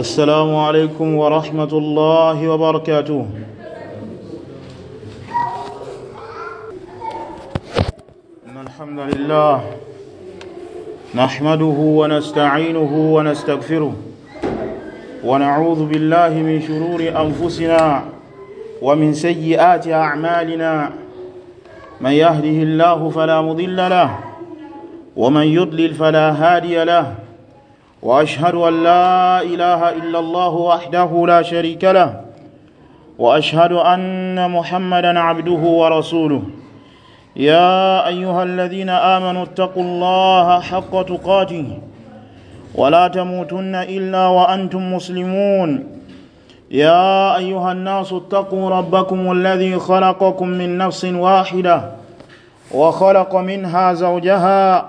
السلام عليكم ورحمة الله وبركاته إن الحمد لله نحمده ونستعينه ونستغفره ونعوذ بالله من شرور أنفسنا ومن سيئات أعمالنا من يهده الله فلا مضل له ومن يضلل فلا هادي له وأشهد أن لا إله إلا الله وحده لا شريك له وأشهد أن محمدا عبده ورسوله يا أيها الذين آمنوا اتقوا الله حق تقاته ولا تموتن إلا وأنتم مسلمون يا أيها الناس اتقوا ربكم الذي خلقكم من نفس واحدة وخلق منها زوجها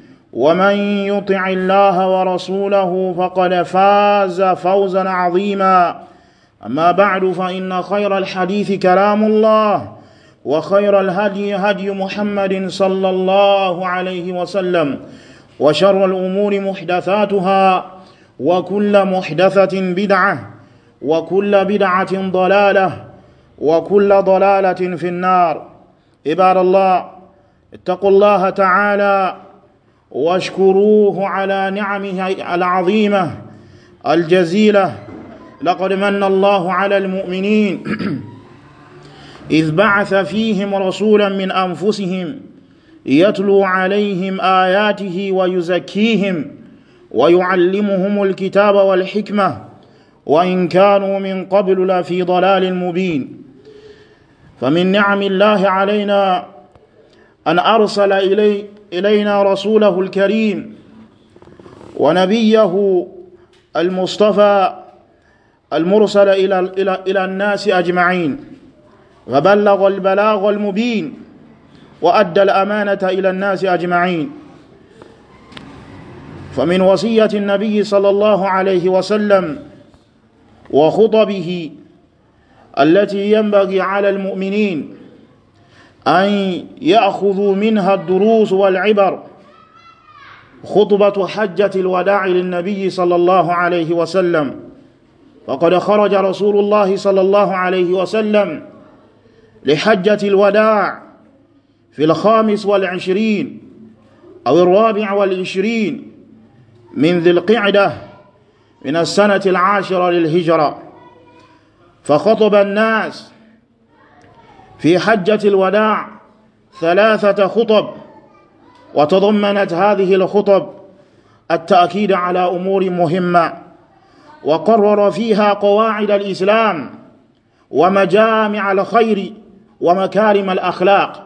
ومن يطع الله ورسوله فقد فاز فوزا عظيما أما بعد فإن خير الحديث كلام الله وخير الهدي هدي محمد صلى الله عليه وسلم وشر الأمور محدثاتها وكل محدثة بدعة وكل بدعة ضلالة وكل ضلالة في النار عباد الله اتقوا الله تعالى واشكروه على نعمه العظيمة الجزيلة لقد من الله على المؤمنين إذ بعث فيهم رسولا من أنفسهم يتلو عليهم آياته ويزكيهم ويعلمهم الكتاب والحكمة وإن كانوا من قبل لفي ضلال مبين فمن نعم الله علينا أن أرسل إليه إلينا رسوله الكريم ونبيه المصطفى المرسل إلى, إلى, إلى الناس أجمعين وبلغ البلاغ المبين وأدى الأمانة إلى الناس أجمعين فمن وصية النبي صلى الله عليه وسلم وخطبه التي ينبغي على المؤمنين أن يأخذوا منها الدروس والعبر خطبة حجة الوداع للنبي صلى الله عليه وسلم وقد خرج رسول الله صلى الله عليه وسلم لحجة الوداع في الخامس والعشرين أو الرابع والعشرين من ذي القعدة من السنة العاشرة للهجرة فخطب الناس في حجة الوداع ثلاثة خطب وتضمنت هذه الخطب التأكيد على أمور مهمة وقرر فيها قواعد الإسلام ومجامع الخير ومكارم الأخلاق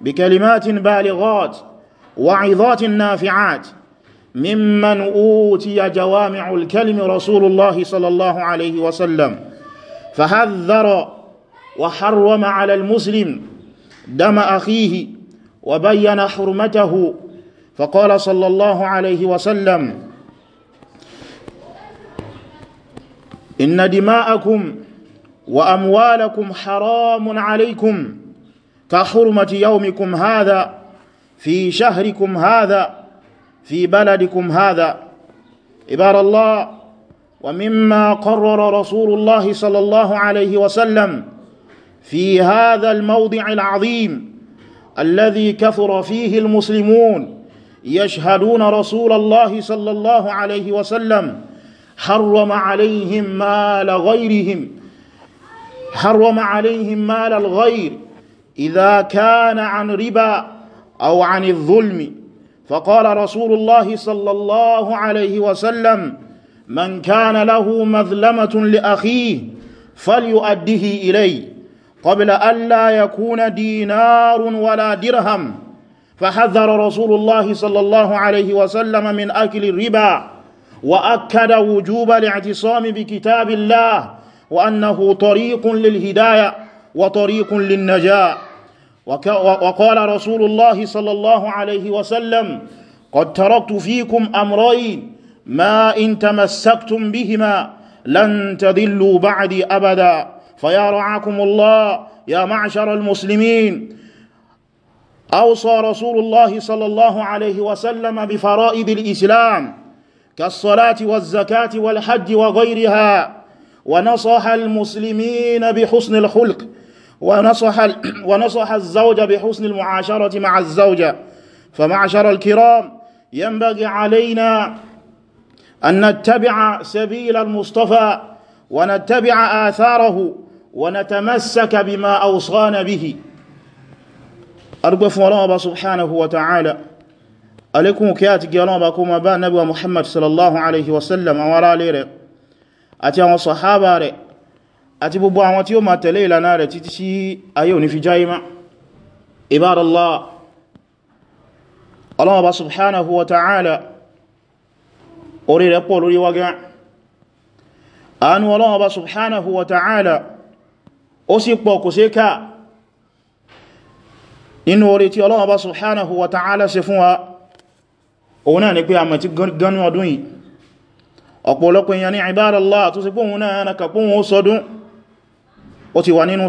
بكلمات بالغات وعظات نافعات ممن أوتي جوامع الكلم رسول الله صلى الله عليه وسلم فهذر وحرم على المسلم دم أخيه وبين حرمته فقال صلى الله عليه وسلم إن دماءكم وأموالكم حرام عليكم كحرمة يومكم هذا في شهركم هذا في بلدكم هذا عباد الله ومما قرر رسول الله صلى الله عليه وسلم في هذا الموضع العظيم الذي كثر فيه المسلمون يشهدون رسول الله صلى الله عليه وسلم حرم عليهم مال غيرهم حرم عليهم مال الغير إذا كان عن ربا أو عن الظلم فقال رسول الله صلى الله عليه وسلم من كان له مذلمة لأخيه فليؤده إليه قبل أن لا يكون دينار ولا درهم فحذر رسول الله صلى الله عليه وسلم من أكل الربا وأكد وجوب الاعتصام بكتاب الله وأنه طريق للهداية وطريق للنجاة وقال رسول الله صلى الله عليه وسلم قد تركت فيكم أمرين ما إن تمسكتم بهما لن تذلوا بعدي أبداً فيا رعاكم الله يا معشر المسلمين أوصى رسول الله صلى الله عليه وسلم بفرائض الإسلام كالصلاة والزكاة والحج وغيرها ونصح المسلمين بحسن الخلق ونصح, ونصح الزوج بحسن المعاشرة مع الزوجة فمعشر الكرام ينبغي علينا أن نتبع سبيل المصطفى ونتبع آثاره ونتمسك بما أوصانا به أرقف الله سبحانه وتعالى عليكم كيات جلوبا كما با نبي محمد صلى الله عليه وسلم وعلى ليره àti àwọn sàhábà rẹ̀ àti gbogbo àwọn tí ó ma tẹ̀lé ìlànà rẹ̀ títí sí ayé òní fi jáyímá ibádallá ọlọ́wọ́ bá subhanahu wa ta'ala orí rẹ̀ pọ̀ lórí wágán àánú Ọlọ́run Ọba subhanahu wa ta'ala ó sì pọ̀ kò sí ká inú orí tí Ọlọ́run Ọba subhanahu wa ta'ala ṣe fún wa òun náà ni pé àmà ti ganu ọdún yìí ọ̀pọ̀lọpọ̀ èèyàn ní ibadallah tó sì pòhun náà na kàpòhun ó sọdún ó ti wà nínú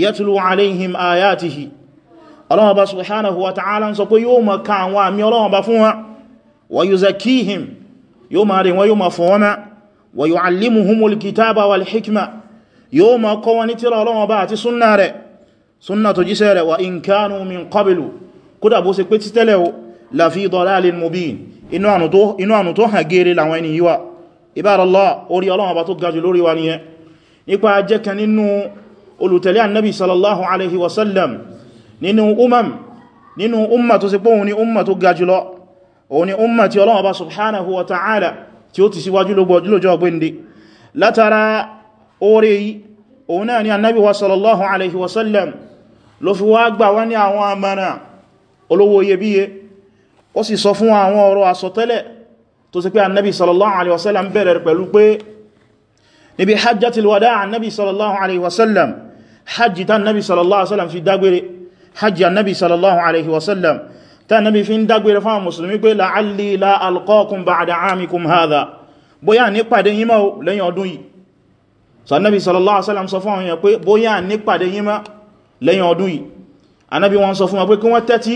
yatlu alayhim ayatihi Ọlọ́hun Ọba subhanahu wa ta'ala ń sọ pé yóò máa ka àwọn àmì Ọlọ́hun Ọba fún wa wa yuzakkihim yóò máa rìn wọ́n yóò máa fọ̀ wọ́n mọ́ wa yu'allimuhumul kitaba wal hikma yóò máa kọ́ wọn ní tírà àti súnnà rẹ̀ súnnà tó jíṣẹ́ rẹ̀ wa in kanu min qablu kódà bó ṣe pé títẹ́lẹ̀ o la fi dalalin mubin inú ànù tó hàn gẹ́rẹ́ làwọn ẹni yíwa ibára Allah orí Ọlọ́hun tó gajù lórí wa nìyẹn nípa jẹ́kẹ́ nínú olùtẹ̀lé annabi sallallahu alaihi wasallam nínú umam nínú umma tó ṣe pé òun ni umma tó ga jùlọ òun ni umma tí Ọlọ́run Ọba subhanahu wa ta'ala tí ó ti síwájú lójọ́ ọgbẹ́ndé látara oore yìí òun náà ni annabi wa sallallahu alaihi wasallam ló fi wá gbà wá ní àwọn amana olówó iyebíye ó sì sọ fún àwọn ọ̀rọ̀ àsọtẹ́lẹ̀ tó ṣe pé annabi sallallahu alaihi wasallam bẹ̀rẹ̀ pẹ̀lú pé níbi hajjatil wada annabi sallallahu alaihi wasallam hajji ta nabi sallallahu alaihi wasallam fi dágbére hajji annabi sallallahu alaihi wasallam ta nabi fi ń dágbére fáwọn musulmi pé la'alli la alqakum ba'da amikum hadha bóyá ní pàdé yín mọ́ lẹ́yìn ọdún yìí so annabi sallallahu alaihi wasallam sọ fún àwọn èèyàn pé bóyá ní pàdé yín mọ́ lẹ́yìn ọdún yìí annabi wọn sọ fún wọn pé kí wọ́n tẹ́tí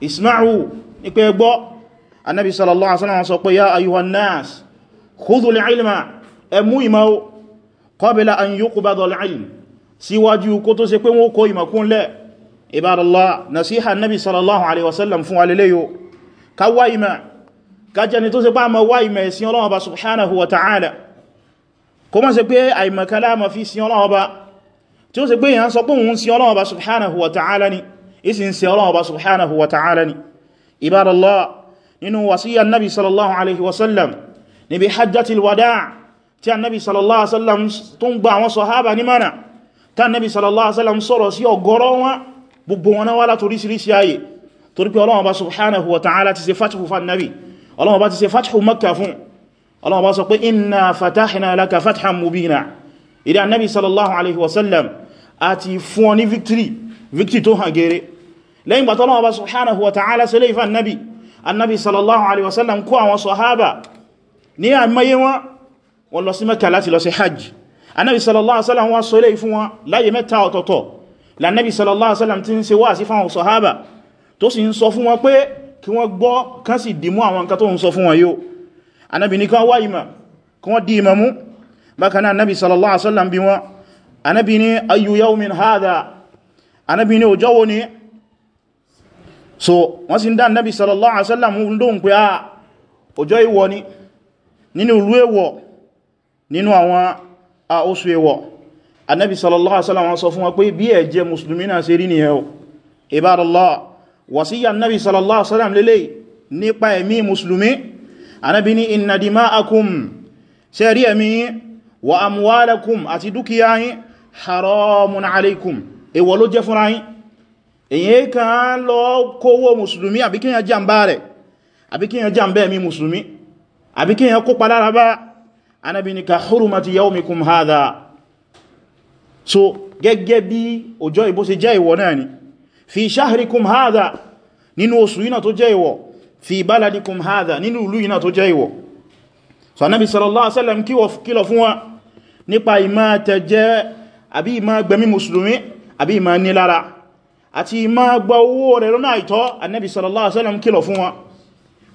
isma'u ní pé gbọ́ annabi sallallahu alaihi sọ pé ya ayyuhan síwájú kó tó ṣe pé wọ́n kó ìmọ̀kúnlẹ̀ ibadallah nasiha nabi sallallahu alaihi wasallam fún aliléyò ká wá ìmọ̀ ká jẹni tó ṣe pá ma wá ìmọ̀ ìsìn Ọlọ́hun Ọba subhanahu wa ta'ala kó má ṣe pé àìmọ̀kálá ma fi sin Ọlọ́hun Ọba tí ó ṣe pé yàn sọ pé òun sin Ọlọ́hun Ọba subhanahu wa ta'ala ni ìsìn sin Ọlọ́hun Ọba subhanahu wa ta'ala ni ibadallah nínú wasiyyar nabi sallallahu alaihi wasallam níbi hajjatil wada' tí annabi sallallahu alaihi wasallam tún gba àwọn sahaba ní mana tá nẹ́bí sallallahu alaihi wasallam sọ̀rọ̀ sí ọ̀gọ̀rọ̀ wọn gbogbo wọn náà wá látorí sírísí ayé torí pé Ọlọ́run bá subhanahu wa ta'ala ti ṣe fatihu fa nabi Ọlọ́run bá ti ṣe fatihu makka fún Ọlọ́run bá sọ pé inna fatahna laka fathan mubina ìdá nabi sallallahu alaihi wasallam a ti fún ọ ní victory victory tó hàn gẹ́rẹ́ lẹ́yìn bàtọ́ Ọlọ́run subhanahu wa ta'ala ṣe lè fa nabi annabi sallallahu alaihi wasallam kó àwọn sahaba ní àmáyé wọn wọn lọ sí makka láti lọ sí hajj anábi sallallahu alaihi wasallam wá sọ ilé fún wọn láyé mẹ́ta ọ̀tọ̀ọ̀tọ̀ lànàbí sallallahu alaihi wasallam ti ń ṣe wá sí fáwọn sọ̀hábà tó sì ń sọ fún wọn pé kí wọ́n gbọ́ kán sì dìmú àwọn nǹkan tó ń sọ fún wọn yóò anábi ní kan wá ìmọ̀ kí wọ́n di ìmọ̀ mú bákan náà anábi sallallahu alaihi wasallam bi wọn anábi ní ayu yawmin hadha anábi ní ọjọ́ wo ni so wọ́n sì ń dá sallallahu alaihi wasallam ń lóhun pé a ah, ọjọ́ ìwọ ni nínú ìlú èwọ̀ nínú àwọn a oṣù ẹwọ̀ annabi sallallahu alaihi wasallam sọ fún wa pé bí ẹ̀jẹ̀ musulmi náà ṣe rí ni ẹ̀wọ̀ ibadallah wasiya annabi sallallahu alaihi wasallam lélẹ̀ nípa ẹ̀mí musulmi annabi ni inna dima'akum ṣe rí ẹ̀mí wa amwalakum àti dúkìá yín haramun alaikum èwọ̀ ló jẹ́ fúnra yín èyí kan lọ kówó musulmi àbíkíyàn jàmbá rẹ̀ àbíkíyàn jàmbá ẹ̀mí musulmi àbíkíyàn kópa lára bá anábi ni ka hurumati yawmikum hadha so gẹ́gẹ́ bí ọjọ́ ìbó ṣe jẹ́ ìwọ̀ náà ni fi shahrikum hadha nínú oṣù yína tó jẹ́ ìwọ̀ fi baladikum hadha nínú ìlú yína tó jẹ́ ìwọ̀ so anábi sallallahu alaihi wasallam kílọ̀ fún wa nípa ìmá tẹ̀jẹ́ àbí ìmá gbẹ̀mí mùsùlùmí àbí ìmá nílára àti ìmá gba owó rẹ̀ lọ́nà àìtọ́ anábi sallallahu alaihi wasallam kílọ̀ fún wa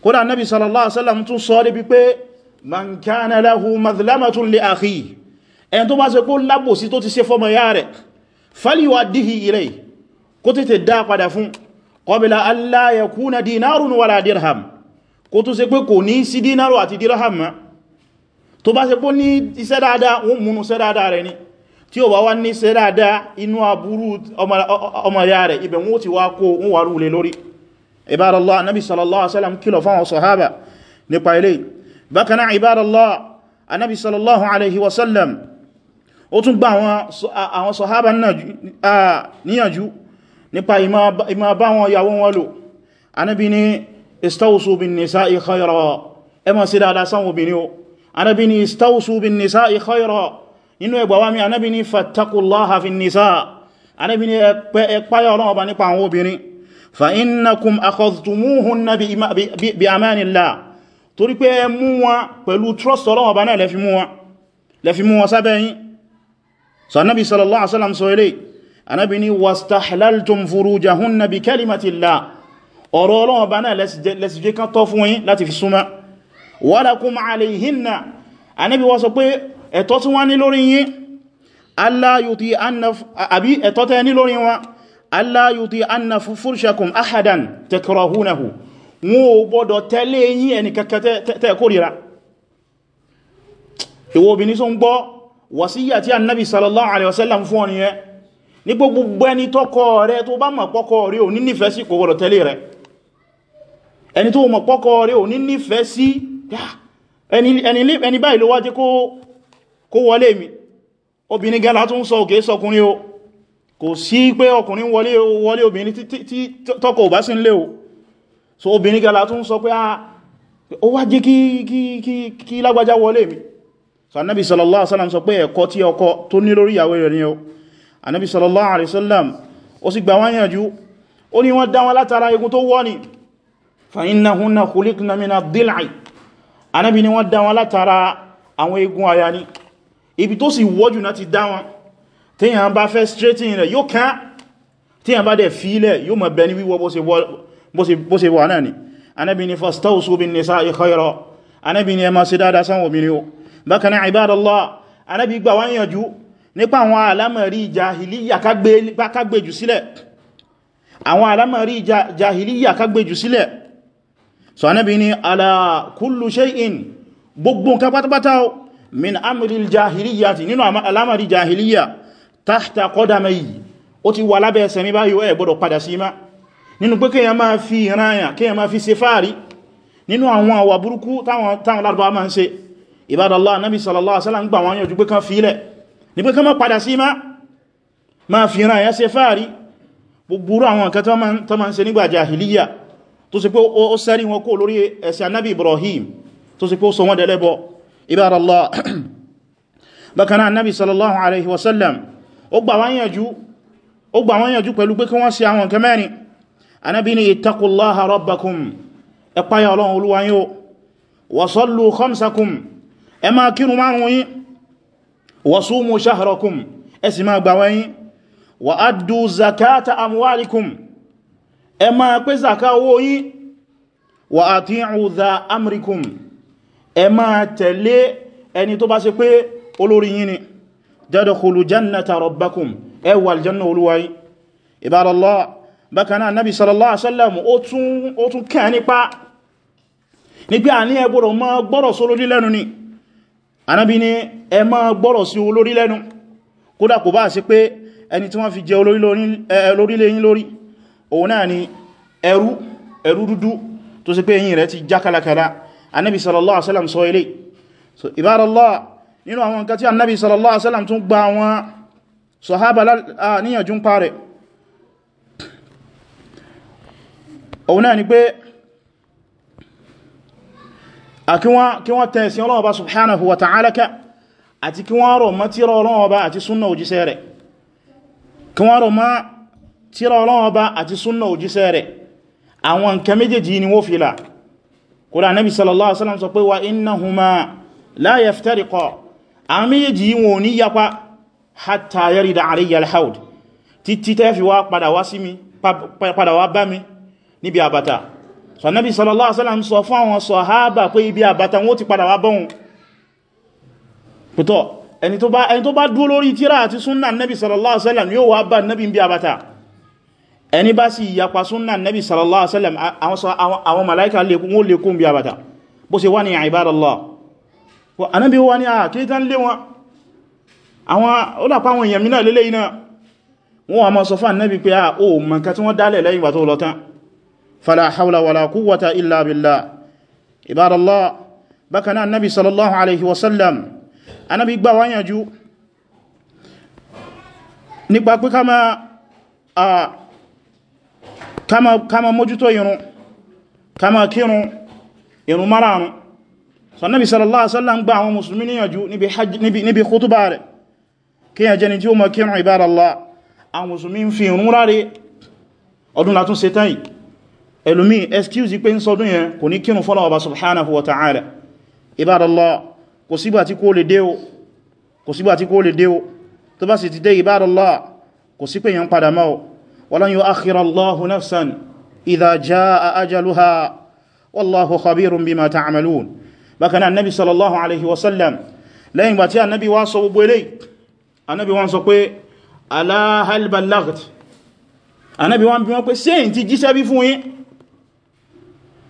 kódà anábi sallallahu alaihi wasallam tún sọ débi pé man kana lahu mazlamatun li akhi ẹn tó bá ṣe pó lábòsí tó ti ṣe fọ́mọ ya rẹ̀ falyuaddihi ilay kó tètè dá padà fún qabla an la yakuna dinarun wala dirham kó tó ṣe pé kò ní sí dínárù àti dirham ma tó bá ṣe pó ní iṣẹ́ dáadáa wọ́n múnú iṣẹ́ dáadáa rẹ̀ ni tí ó bá wá ní iṣẹ́ dáadáa inú aburú ọmọ ya rẹ̀ ibẹ̀ wọ́n ti wá kó wọ́n wà rú lé lórí ibadallah nabi sallallahu alaihi wasallam kìlọ̀ fáwọn sahaba nípa eléyìí bákaná ibadallah anábi sallallahu alaihi wasallam ó tún gba àwọn sọ̀hábà níyànjú nípa ìmá bá wọn yàwó wọn lò anábi ni istawusu bin nisa'i khayra ẹ máa ṣe dáadáa sáwọn obìnrin o anábi ni istawusu bin nisa'i khayra nínú ẹgbàwá mi anábi ni fattakullaha fin nisa anábi ni ẹpáyà ọlọ́wọ́ bá nípa àwọn obìnrin fa innakum akhadhtumuhunna bi amanillah torí pé ẹ mú wọn pẹ̀lú trust Ọlọ́run Ọba náà lẹ́fi mú wọn lẹ́fi mú wọn sábẹ́ yín so anábi sallallahu alaihi wasallam sọ ilé anábi ni wastahlaltum furujahunna bi kalimatillah ọ̀rọ̀ Ọlọ́run Ọba náà lẹ́sì jẹ́ kán tọ́ fún yín láti fi súnmọ́ walakum alayhinna anábi wọ́n sọ pé ẹ̀tọ́ tí wọ́n ní wọn ò gbọ́dọ̀ tẹ́lé yín ẹni kankan tẹ́ kórìíra ìwọ obìnrin sún gbọ́ wàsíyà tí annabi sallallahu alaihi wasallam fún ọ̀nà yẹn ní gbogbo ẹni tọ́kọ rẹ tó bá mọ̀ pọ́kọ rẹ ò ní sí kò tẹ́lé rẹ ẹni tó mọ̀ pọ́kọ rẹ ò ní sí ẹni báyìí ló wá jẹ́ kó wọlé mi obìnrin gẹ́lá o kò sí pé ọkùnrin wọlé obìnrin tọ́kọ ò so obìnrin gala tún sọ pé ah, ó wá jí kí lágbàjá wọlé mi so annabi sallallahu alaihi wasallam sọ pé ẹ̀kọ́ tí ọkọ tó ní lórí ìyàwó rẹ̀ ni o annabi sallallahu alaihi wasallam ó sì gbà wọ́n yànjú ó ní wọ́n dá látara igun tó fa innahunna khuliqna min ad-dil'i annabi ni wọ́n dá wọn látara àwọn igun aya ni ibi tó sì wọ́jù náà ti dá wọn téèyàn bá fẹ́ straighten rẹ̀ yóò kán téèyàn bá dẹ̀ fílẹ̀ yóò mọ̀ bẹ ní wíwọ́ bó ṣe wọ́ bó ṣe wà náà ni anábi ni fastawsu bin nisa'i khayra anábi ni ẹ máa ṣe dáadáa sáwọn obìnrin o bákan náà ibadallah anábi gbà wá níyànjú nípa àwọn alámọ̀rí jahiliya kágbèjù sílẹ̀ àwọn so anábi ni ala kullu shay'in gbogbo nǹkan pátápátá min amril jahiliya ti nínú alámọ̀rí jahiliya tahta qadamayi ó ti wà lábẹ́ ẹsẹ̀ mi gbọ́dọ̀ padà sí máa nínú pé kíyàn máa fi ìrànyà kíyàn máa fi ṣe fáàrí nínú àwọn àwà burúkú táwọn lárúbáwá máa ń ṣe ìbádàlá anábi sallallahu alaihi wasallam gbà wọn yànjú pé kan fílẹ̀ ní pé kan má padà sí má máa fi ìrànyà ṣe fáàrí gbogbo àwọn nǹkan tó máa ń ṣe nígbà jahiliya tó sì pé ó sẹ́rí wọn kó lórí ẹ̀sìn gbà wọn pẹ̀lú pé kí wọ́n ṣe àwọn nǹkan anábi ni ittaqullaha rabbakum ẹ páyà ọlọ́run olúwa yín o wa sallu khamsakum ẹ máa kírun márùn yín wa sumu shahrakum ẹ sì máa gbàwẹ̀ yín wa addu zakata amwalikum ẹ máa pé zaka owó yín wa ati'u dha amrikum ẹ máa tẹ̀lé ẹni tó bá ṣe pé olórí yín ni tadkhulu jannata rabbakum ẹ aljanna olúwa ibadallah bákanáà nabi sallallahu alaihi wasallam ó tún kẹ́ nípa nígbé à ní ẹgbọ́rọ̀ ma gbọ́rọ̀ sí olórí lẹ́nu ni anábi ni ẹ ma gbọ́rọ̀ sí olórí lẹ́nu kódà kò bá sí pé ẹni tí wọ́n fi jẹ olórí lẹ́yìn lórí òun náà ni ẹrú ẹrú dúdú tó sì pé eyín rẹ̀ ti já kalakala anábi sallallahu alaihi wasallam sọ ilé so ibadallah nínú àwọn nǹkan òun náà ni pé kí wọ́n tẹ́ sí Ọlọ́run Ọba subhanahu wa ta'ala ká àti kí wọ́n rọ̀ mọ́ tírà Ọlọ́run Ọba àti súnnà òjíṣẹ́ rẹ̀ kí wọ́n rọ̀ mọ́ tírà Ọlọ́run Ọba àti súnnà òjíṣẹ́ rẹ̀ àwọn nǹkan méjèèjì ni wó fìlà kódà Nabi sallallahu alaihi wasallam sọ pé wa innahuma la yaftariqa àwọn níbi àbàtà so Ànábì sallallahu alaihi wasallam sọ fún àwọn sàhábà pé ibi àbàtà wọ́n ti padà wá bọ́hun pẹ̀tọ́ ẹni tó bá dúró lórí tírà àti súnnà Ànábì sallallahu alaihi wasallam yóò wá bá Ànábì níbi àbàtà ẹni bá sì yapa súnnà Ànábì sallallahu alaihi wasallam àwọn màláíkà wọ́n lè kún bí àbàtà bó ṣe wá ní ibadallah Ànábì wá ní àkíkán lé wọn فلا حول ولا قوة إلا بالله عباد الله بكنا النبي صلى الله عليه وسلم أنا بيقبا وانيجو nípa pé ká máa mójútó irun ká máa kírun irun márààrún sannabi sallallahu alaihi wasallam gba àwọn musulmi níyànjú níbi kútùbà rẹ̀ kí yà jẹni tí ó máa kírun ibára Allah àwọn musulmi ń fi irun rárẹ̀ ọdún látún ṣe tán yìí ẹlòmí excuse pé ń sọdún yẹn kò ní kírun fọ́lọ̀ ọba subhanahu wa ta'ala ibadallah kò sígbà tí kó lè dé o tó bá sì ti dé ibadallah kò sí pé yẹn padà máa walan yu'akhkhira Allahu nafsan idha jaa ajaluha wallahu khabirun bima ta'malun bákan náà annabi sallallahu alaihi wasallam lẹ́yìn gbà tí annabi wá sọ gbogbo eléyìí annabi wá sọ pé ala annabi wá bí wọ́n pé sẹ́yìn ti jíṣẹ́ bí fún yín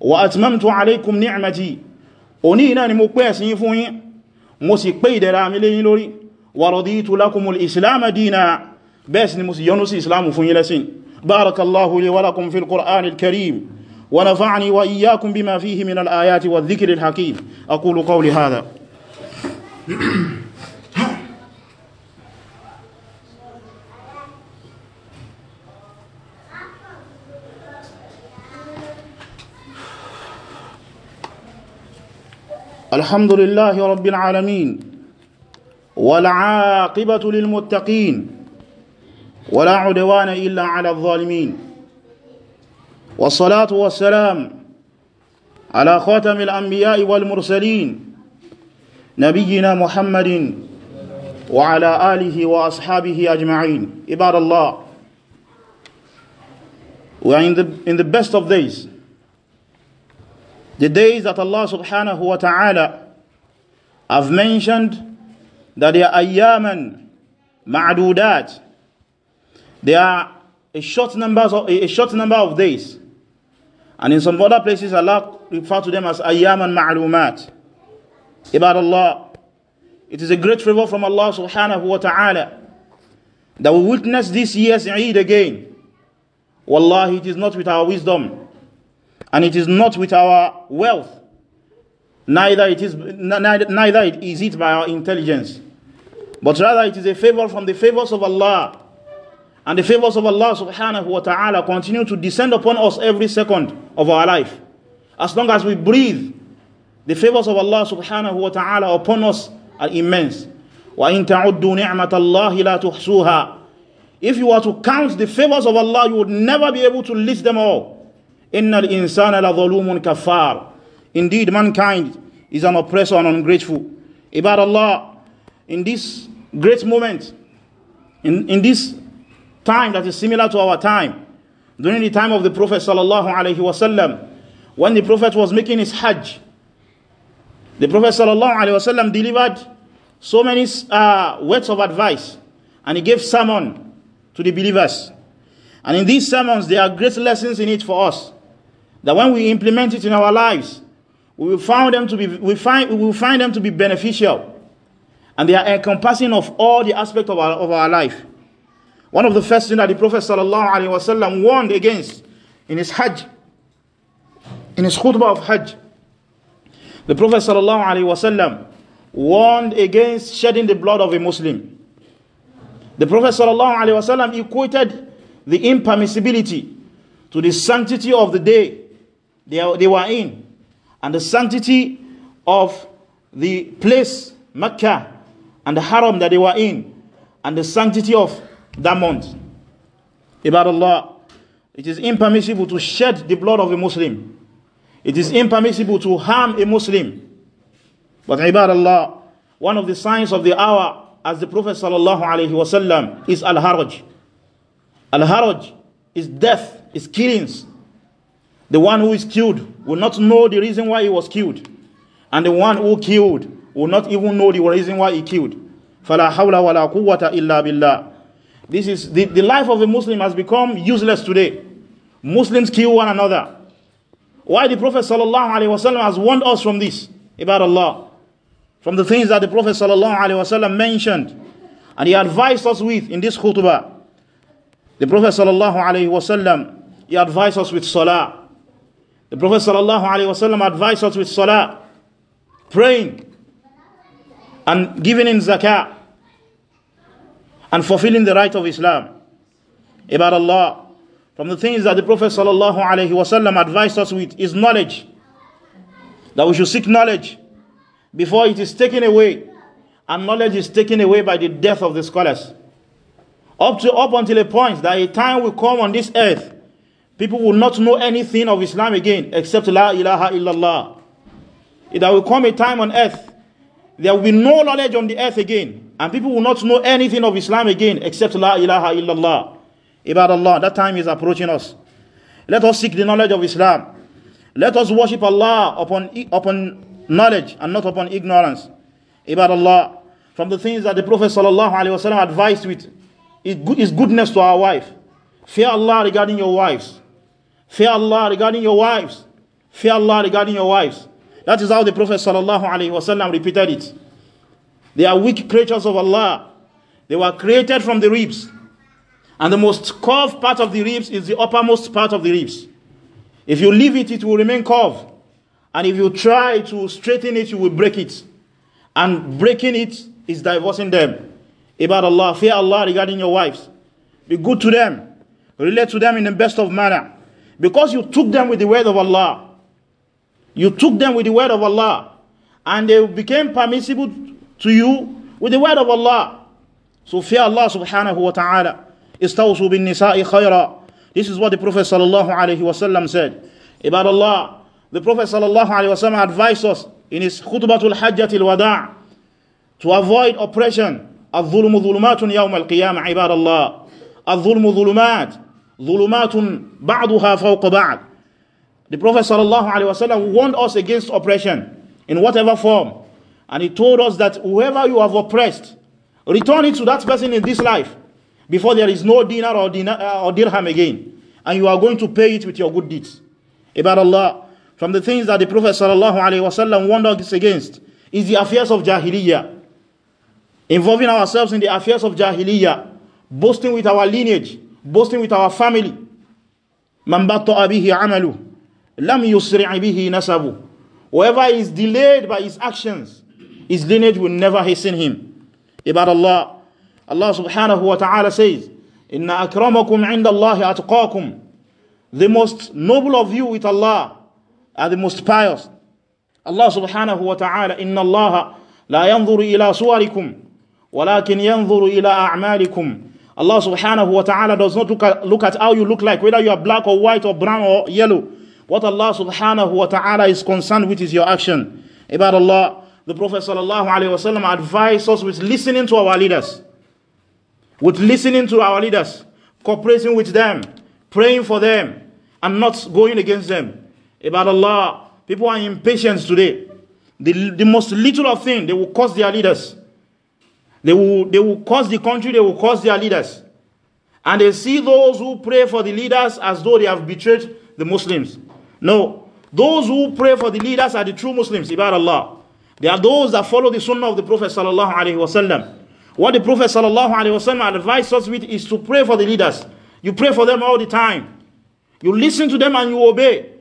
wa atmamtu alaykum ni'mati òní náà ni mo pé ẹ̀sìn yín fún yín mo sì pé ìdẹ̀ra mi lé yín lórí wa raditu lakumul islam dina bẹ́ẹ̀ sì ni mo sì yọ́nú sí islam fún yín lẹ́sìn barakallahu li wa lakum fil qur'an al wa nafa'ani wa iyyakum bima fihi min al wa dhikri al aqulu qawli hadha الحمد لله رب العالمين والعاقبة للمتقين ولا عدوان إلا على الظالمين والصلاة والسلام على خاتم الأنبياء والمرسلين نبينا محمد وعلى آله وأصحابه أجمعين عباد الله We are in the, in the best of days the days that Allah subhanahu wa ta'ala have mentioned that they are ayyaman ma'dudat they are a short number of, a short number of days and in some other places Allah refer to them as ayyaman ma'lumat About Allah it is a great favor from Allah subhanahu wa ta'ala that we witness this year's Eid again wallahi it is not with our wisdom and it is not with our wealth neither it is neither it is it by our intelligence but rather it is a favor from the favors of Allah and the favors of Allah subhanahu wa ta'ala continue to descend upon us every second of our life as long as we breathe the favors of Allah subhanahu wa ta'ala upon us are immense Wa تَعُدُّوا نِعْمَةَ اللَّهِ If you were to count the favors of Allah, you would never be able to list them all innal insana ladhulumun kafar indeed mankind is an oppressor and ungrateful ibad allah in this great moment in, in this time that is similar to our time during the time of the prophet sallallahu alaihi wasallam when the prophet was making his hajj the prophet sallallahu alaihi wasallam delivered so many uh, words of advice and he gave sermon to the believers and in these sermons there are great lessons in it for us that when we implement it in our lives, we will find them to be, we find, we will find them to be beneficial. And they are encompassing of all the aspects of our, of our life. One of the first things that the Prophet ﷺ warned against in his Hajj, in his khutbah of Hajj, the Prophet ﷺ warned against shedding the blood of a Muslim. The Prophet ﷺ equated the impermissibility to the sanctity of the day they, they were in and the sanctity of the place Mecca and the haram that they were in and the sanctity of that month. Ibad Allah, it is impermissible to shed the blood of a Muslim. It is impermissible to harm a Muslim. But Ibad Allah, one of the signs of the hour, as the Prophet sallallahu alaihi wasallam, is al-haraj. Al-haraj is death, is killings. The one who is killed will not know the reason why he was killed. And the one who killed will not even know the reason why he killed. فَلَا حَوْلَ وَلَا قُوَّةَ إِلَّا بِاللَّهِ This is, the, the life of a Muslim has become useless today. Muslims kill one another. Why the Prophet ﷺ has warned us from this, about Allah. From the things that the Prophet ﷺ mentioned. And he advised us with in this khutbah. The Prophet ﷺ, he advised us with salah. The Prophet sallallahu alaihi wasallam advised us with salah, praying, and giving in zakah, and fulfilling the right of Islam. About Allah, from the things that the Prophet sallallahu alaihi wasallam advised us with is knowledge. That we should seek knowledge before it is taken away, and knowledge is taken away by the death of the scholars. Up to up until a point that a time will come on this earth People will not know anything of Islam again except La ilaha illallah. There will come a time on earth, there will be no knowledge on the earth again, and people will not know anything of Islam again except La ilaha illallah. About Allah, that time is approaching us. Let us seek the knowledge of Islam. Let us worship Allah upon, upon knowledge and not upon ignorance. About Allah, from the things that the Prophet ﷺ advised with is goodness to our wife. Fear Allah regarding your wives. Fear Allah regarding your wives. Fear Allah regarding your wives. That is how the Prophet sallallahu alaihi wasallam repeated it. They are weak creatures of Allah. They were created from the ribs. And the most curved part of the ribs is the uppermost part of the ribs. If you leave it, it will remain curved. And if you try to straighten it, you will break it. And breaking it is divorcing them. About Allah, fear Allah regarding your wives. Be good to them. Relate to them in the best of manner. Because you took them with the word of Allah. You took them with the word of Allah. And they became permissible to you with the word of Allah. So fear Allah subhanahu wa ta'ala. Istawsu bin nisa'i khayra. This is what the Prophet sallallahu alayhi wa sallam said about Allah. The Prophet sallallahu alayhi wa sallam advised us in his khutbatul hajjatil wada' to avoid oppression. الظلم ظلمات يوم القيامة عباد الله الظلم ظلمات ظُلُمَاتٌ بَعْضُهَا فَوْقَ بَعْضٍ The Prophet wasallam warned us against oppression in whatever form. And he told us that whoever you have oppressed, return it to that person in this life before there is no dinar or, dinar, uh, or dirham again. And you are going to pay it with your good deeds. About Allah, from the things that the Prophet wasallam warned us against is the affairs of Jahiliyyah. Involving ourselves in the affairs of Jahiliyyah, boasting with our lineage, boasting with our family man batta'a amalu, lam yusri' bihi nasabu whoever is delayed by his actions his lineage will never hasten him ibad allah allah subhanahu wa ta'ala says inna akramakum 'inda allahi atqakum the most noble of you with allah are the most pious allah subhanahu wa ta'ala inna Allah la yanzuru ila suwarikum walakin yanzuru ila a'malikum Allah subhanahu wa ta'ala does not look at, look at how you look like, whether you are black or white or brown or yellow. What Allah subhanahu wa ta'ala is concerned with is your action. About Allah, the Prophet sallallahu alayhi wasallam advised us with listening to our leaders. With listening to our leaders, cooperating with them, praying for them, and not going against them. About Allah, people are impatient today. The, the most little of thing, they will cause their leaders. They will, they will curse the country, they will curse their leaders. And they see those who pray for the leaders as though they have betrayed the Muslims. No, those who pray for the leaders are the true Muslims, ibad Allah. They are those that follow the sunnah of the Prophet sallallahu alaihi wasallam. What the Prophet sallallahu alaihi wasallam advised us with is to pray for the leaders. You pray for them all the time. You listen to them and you obey.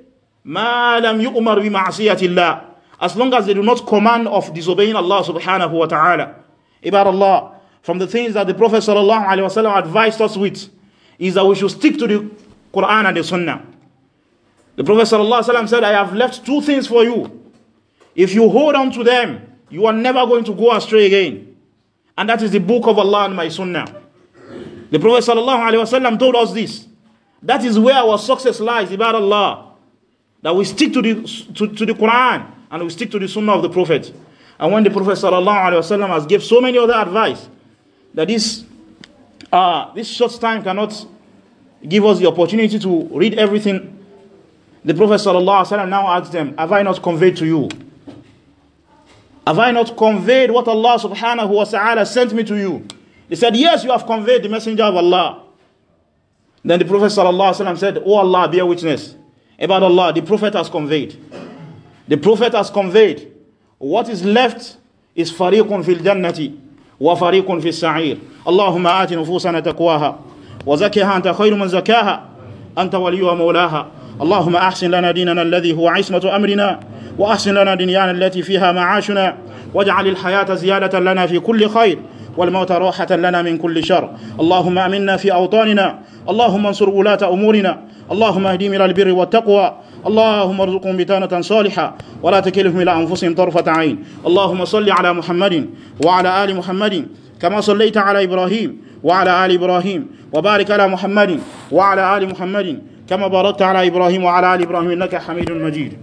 Madam, you umar بِمَعْصِيَةِ As long as they do not command of disobeying Allah subhanahu wa ta'ala about Allah, from the things that the Prophet sallallahu ﷺ advised us with, is that we should stick to the Quran and the Sunnah. The Prophet sallallahu ﷺ said, I have left two things for you. If you hold on to them, you are never going to go astray again. And that is the book of Allah and my Sunnah. The Prophet sallallahu ﷺ told us this. That is where our success lies, about Allah. That we stick to the, to, to the Quran and we stick to the Sunnah of the Prophet. And when the Prophet ﷺ has given so many other advice that this, uh, this short time cannot give us the opportunity to read everything, the Prophet ﷺ now asks them, Have I not conveyed to you? Have I not conveyed what Allah subhanahu wa ta'ala sent me to you? They said, Yes, you have conveyed the messenger of Allah. Then the Prophet ﷺ said, Oh Allah, bear witness about Allah. The Prophet has conveyed. The Prophet has conveyed. what is left is فريق في الجنة وفريق في السعير اللهم آت نفوسنا تقواها وزكها أنت خير من زكاها أنت ولي ومولاها اللهم أحسن لنا ديننا الذي هو عصمة أمرنا وأحسن لنا دنيانا التي فيها معاشنا واجعل الحياة زيادة لنا في كل خير والموت راحة لنا من كل شر اللهم أمنا في أوطاننا اللهم انصر ولاة أمورنا اللهم اهدهم إلى البر والتقوى اللهم ارزقهم بتانة صالحة ولا تكلفهم إلى أنفسهم طرفة عين اللهم صل على محمد وعلى آل محمد كما صليت على إبراهيم وعلى آل إبراهيم وبارك على محمد وعلى آل محمد كما باركت على إبراهيم وعلى آل إبراهيم إنك حميد مجيد